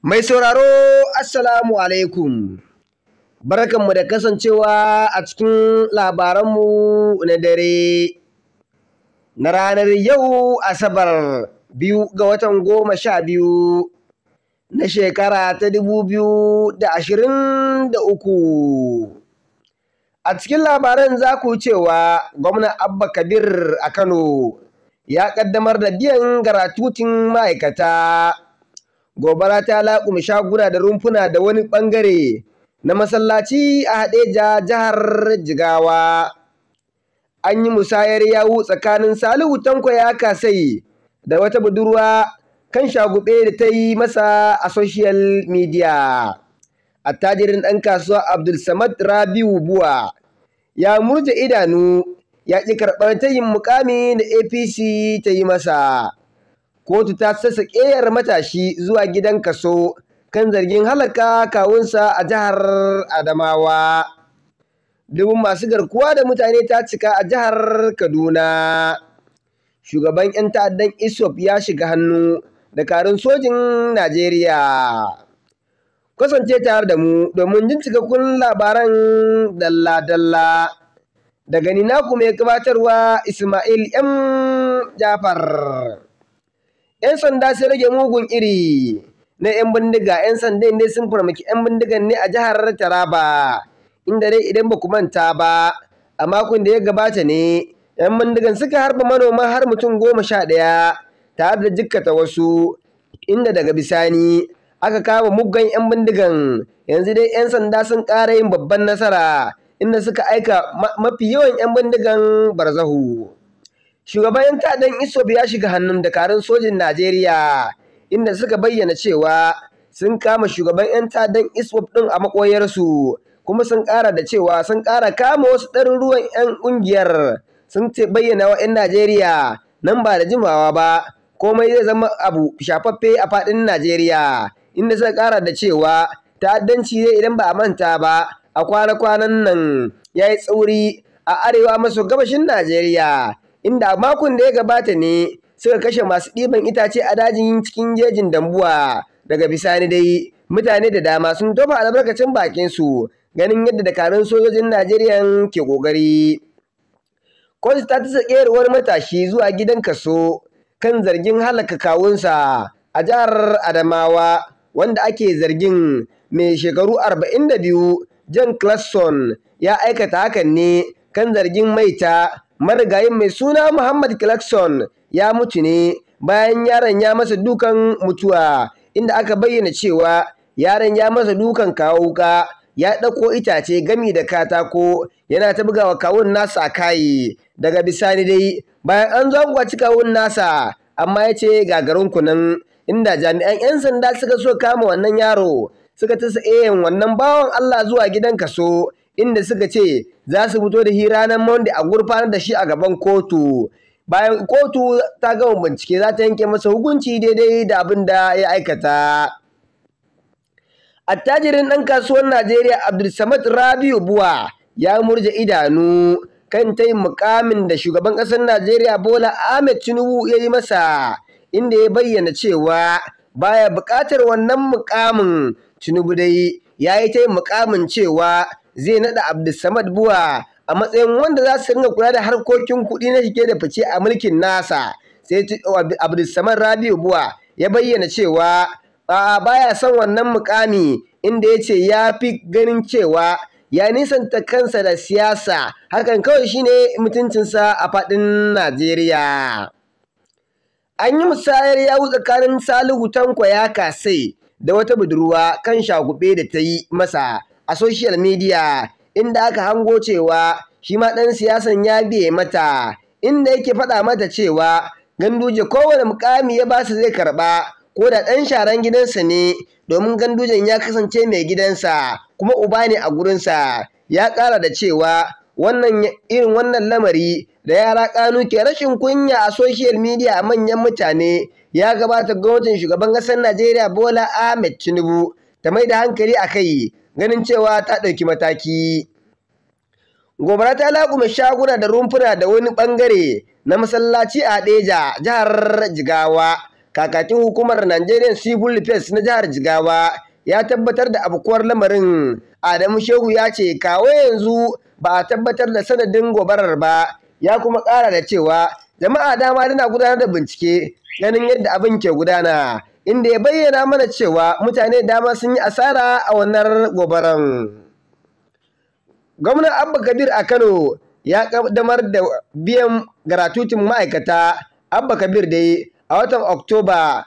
Mai sauraro Assalamu alaikum. Barkanmu da kasancewa a cikin labaranmu na dare na ranar yau Asabar biyu ga watan goma sha biyu na shekara ta dubu biyu da ashirin da uku. A cikin labaran za ku cewa gwamnan Abba Kabir a Kano ya ƙaddamar da biyan garatutin ma'aikata. gobara ta laƙumi shaguna da rumfuna da wani ɓangare na masallaci a haɗeja jihar jigawa an yi musayar yawu tsakanin salihu tanko ya kasai da wata budurwa kan shagube da ta yi masa a social media tajirin ɗan kasuwa abdul samad rabiu buwa ya murje idanu ya ƙi karɓar ta yin mukami da apc ta yi masa kotu ta sassa ƙeyar matashi zuwa gidan kaso kan zargin halaka kawunsa a jihar Adamawa. Dubin masu garkuwa da mutane ta cika a jihar Kaduna. Shugaban 'yan ta'addan ISOP ya shiga hannu da karin sojin Najeriya. Kasance tare da mu domin jin cikakkun labaran dalla-dalla. Daga nina naku mai gabatarwa Ismail M. Jafar. 'yan sanda sai rage mugun iri na 'yan bindiga 'yan sanda ne sun farmaki 'yan bindigan ne a jihar Taraba inda dai idan ba ku manta ba a makon da ya gabata ne 'yan bindigan suka harba manoma har mutum goma sha ɗaya tare da jikkata wasu inda daga bisani aka kama muggan 'yan bindigan yanzu dai 'yan sanda sun ƙara yin babban nasara inda suka aika mafi yawan 'yan bindigan barzahu. shugaban 'yan ta'addan isob ya shiga hannun dakarun sojin najeriya inda suka bayyana cewa sun kama shugaban 'yan ta'addan isob ɗin a makoyarsu kuma sun ƙara da cewa sun ƙara kama wasu ɗaruruwan 'yan ƙungiyar sun ce bayyana wa 'yan najeriya nan ba da jimawa ba komai zai zama abu shafaffe a faɗin najeriya inda suka ƙara da cewa ta'addanci zai idan ba a manta ba a kwana-kwanan nan ya yi tsauri a arewa maso gabashin najeriya inda makon da ya gabata ne suka kashe masu ɗiban itace a dajin cikin jejin dambuwa daga bisani dai mutane da dama sun tofa albarkacin bakin su ganin yadda dakarun sojojin Najeriya ke kokari. Kotu ta tasa ƙerewar matashi zuwa gidan kaso kan zargin halaka kawunsa a jihar Adamawa wanda ake zargin mai shekaru 42 John clason ya aikata hakan ne kan zargin maita marigayin mai suna Muhammad Clarkson ya mutu ne bayan yaron ya masa dukan mutuwa inda aka bayyana cewa yaron ya masa dukan kawo wuka ya ɗauko itace gami da katako yana ta bugawa kawun nasa a kayi daga bisani dai bayan an zo zangwaci kawun nasa amma ya ce gagarin kunan inda jami'an 'yan sanda suka so kama wannan yaro suka ta sa'eyan wannan bawan Allah zuwa gidan kaso inda suka ce za su fito da hira ranar monday a gurfanar da shi a gaban kotu bayan kotu ta gama bincike za ta yanke masa hukunci daidai da abin da ya aikata attajirin ɗan kasuwar najeriya abdulsamad rabiu buwa ya murje idanu kan tayin mukamin da shugaban ƙasar najeriya bola ahmed tinubu ya yi masa inda ya bayyana cewa baya buƙatar wannan mukamin tinubu dai ya yi tayin mukamin cewa zai naɗa Abdulsamad Buwa a matsayin wanda za su ringa kula da harkokin kuɗi na shige da fice a mulkin nasa. Sai oh, Abdulsamad Rabiu Buwa ya bayyana cewa a baya son wannan mukami inda ya ce ya fi ganin cewa ya nisanta kansa da siyasa hakan kawai shine mutuncinsa a faɗin Najeriya. An yi musayar yawu tsakanin Salihu Tanko ya kasai da wata budurwa kan shagube da ta yi masa a social media inda aka hango cewa shi ma ɗan siyasan ya biye mata inda yake faɗa mata cewa ganduje kowane mukami ya basu zai karɓa ko da ɗan sharan gidansa ne domin gandujen ya kasance mai gidansa kuma uba ne a gurinsa ya ƙara da cewa wannan irin wannan lamari da yara kanu ke rashin kunya a social media a manyan mutane ya gabata gwamnatin shugaban ƙasar Najeriya Bola Ahmed Tinubu ta mai da hankali a kai ganin cewa ta ɗauki mataki gobara ta laƙume shaguna da rumfuna da wani ɓangare na masallaci a deja jihar Jigawa kakakin hukumar Nigerian Civil Defense na jihar Jigawa ya tabbatar da abukuwar lamarin Adamu Shehu ya ce kawo yanzu ba a tabbatar da sanadin gobarar ba ya kuma ƙara da cewa jama'a dama tana gudanar da bincike ganin yadda abin ke gudana inda ya bayyana mana cewa mutane dama sun yi asara a wannan gobaran. Gwamnan Abba Kabir a Kano ya kaddamar da biyan garatutin ma'aikata Abba Kabir dai a watan Oktoba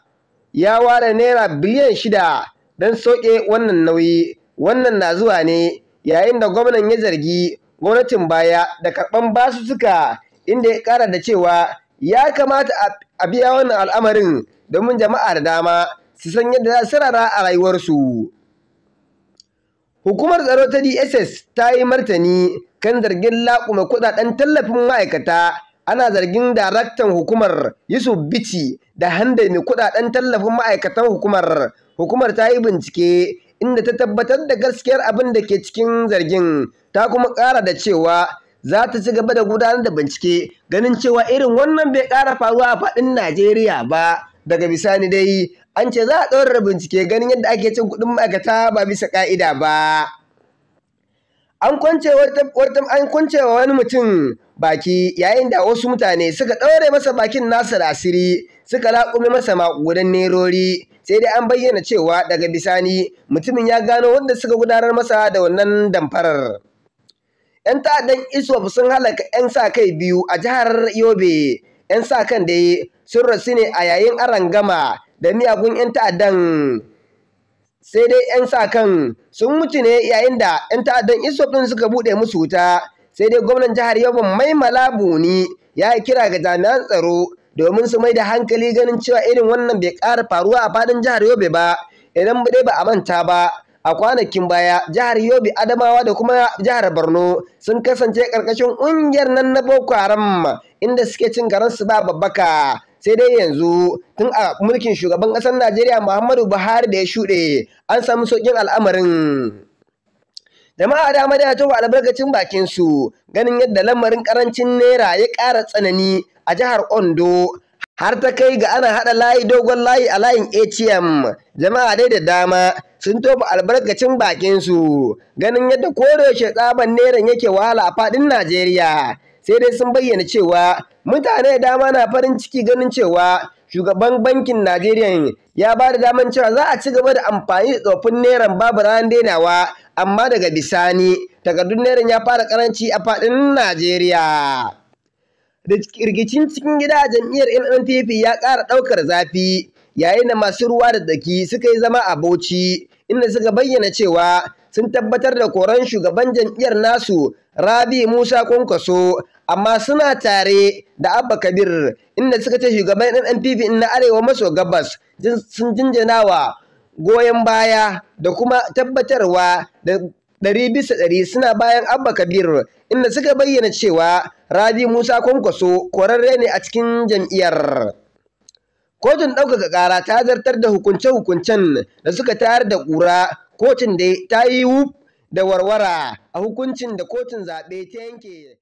ya ware naira biliyan shida don soke wannan nauyi wannan na zuwa ne yayin da gwamnan ya zargi gwamnatin baya da karɓan suka, inda ya ƙara da cewa ya kamata a biya wannan al'amarin domin jama'a da dama su san yadda za su rara a rayuwarsu hukumar tsaro ta dss ta yi martani kan zargin laƙuma kuɗaɗen tallafin ma'aikata ana zargin daraktan hukumar yusuf bici da handa mai kuɗaɗen tallafin ma'aikatan hukumar hukumar ta yi bincike inda ta tabbatar da gaskiyar abin da ke cikin zargin ta kuma ƙara da cewa za ta ci gaba da gudanar da bincike ganin cewa irin wannan bai ƙara faruwa a faɗin Najeriya ba daga bisani dai an ce za a ɗaura bincike ganin yadda ake cin kuɗin ma'aikata ba bisa ƙa'ida ba. An kwance wa wani mutum baki yayin da wasu mutane suka ɗaure masa bakin nasa da asiri suka laƙume masa maƙudan nerori sai dai an bayyana cewa daga bisani mutumin ya gano wanda suka gudanar masa da wannan damfarar. 'Yan ta'addan Iswaf sun halaka 'yan sa kai biyu a jihar Yobe. 'Yan sa kan da sun rasu ne a yayin gama da miyagun 'yan ta'addan. Sai dai 'yan sa kan sun mutu ne yayin da 'yan ta'addan isof ɗin suka buɗe musu wuta. Sai dai gwamnan jihar Yobe Mai Malabuni ya yi kira ga jami'an tsaro domin su mai da hankali ganin cewa irin wannan bai ƙara faruwa a faɗin jihar Yobe ba idan dai ba a manta ba. a kwanakin baya jihar yobe adamawa da kuma jihar borno sun kasance karkashin ƙungiyar nan na boko haram inda suke cin karansu ba babbaka sai dai yanzu tun a mulkin shugaban ƙasar najeriya muhammadu buhari da ya shuɗe an samu sauƙin al'amarin jama'a da amma da tofa albarkacin bakin su ganin yadda lamarin karancin naira ya ƙara tsanani a jihar ondo har ta kai ga ana haɗa layi dogon layi a layin atm jama'a dai da dama sun tofa albarkacin bakin su ganin yadda kodayaushe tsaban neran yake wahala a fadin Najeriya sai dai sun bayyana cewa mutane da dama na farin ciki ganin cewa shugaban bankin Najeriya ya ba da daman cewa za a ci gaba da amfani da tsofin neran babu ranar dainawa amma daga bisani takardun neran ya fara karanci a fadin Najeriya. da rikicin cikin gida a jam'iyyar NNPP ya ƙara ɗaukar zafi yayin da masu ruwa da daki suka yi zama a Bauchi inda suka bayyana cewa sun tabbatar da koran shugaban jam'iyyar nasu Rabi Musa Kwankwaso amma suna tare da Abba Kabir inda suka ce shugaban NNPP na Arewa maso gabas sun jinjinawa goyon baya da kuma tabbatarwa da ɗari bisa ɗari suna bayan Abba Kabir inda suka bayyana cewa Rabi Musa Kwankwaso korarre ne a cikin jam'iyyar. Kotun ɗaukaka ƙara ta zartar da hukunce-hukuncen da suka tayar da ƙura. Kotun da ta yi wuf da warwara a hukuncin da kotun zaɓe ta yanke.